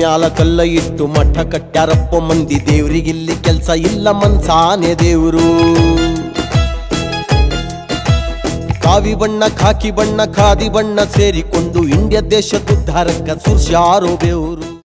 ಮ್ಯಾಲ ಕಲ್ಲ ಇಟ್ಟು ಮಠ ಕಟ್ಟ್ಯಾರಪ್ಪ ಮಂದಿ ದೇವರಿಗಿಲ್ಲಿ ಕೆಲ್ಸ ಇಲ್ಲ ಮನ್ಸಾನೆ ದೇವ್ರು ಕಾವಿ ಬಣ್ಣ ಖಾಕಿ ಬಣ್ಣ ಖಾದಿ ಬಣ್ಣ ಸೇರಿಕೊಂಡು ಇಂಡಿಯಾ ದೇಶದ ಉದ್ಧಾರಕ್ಕ ಸುರ್ಷಾರೋ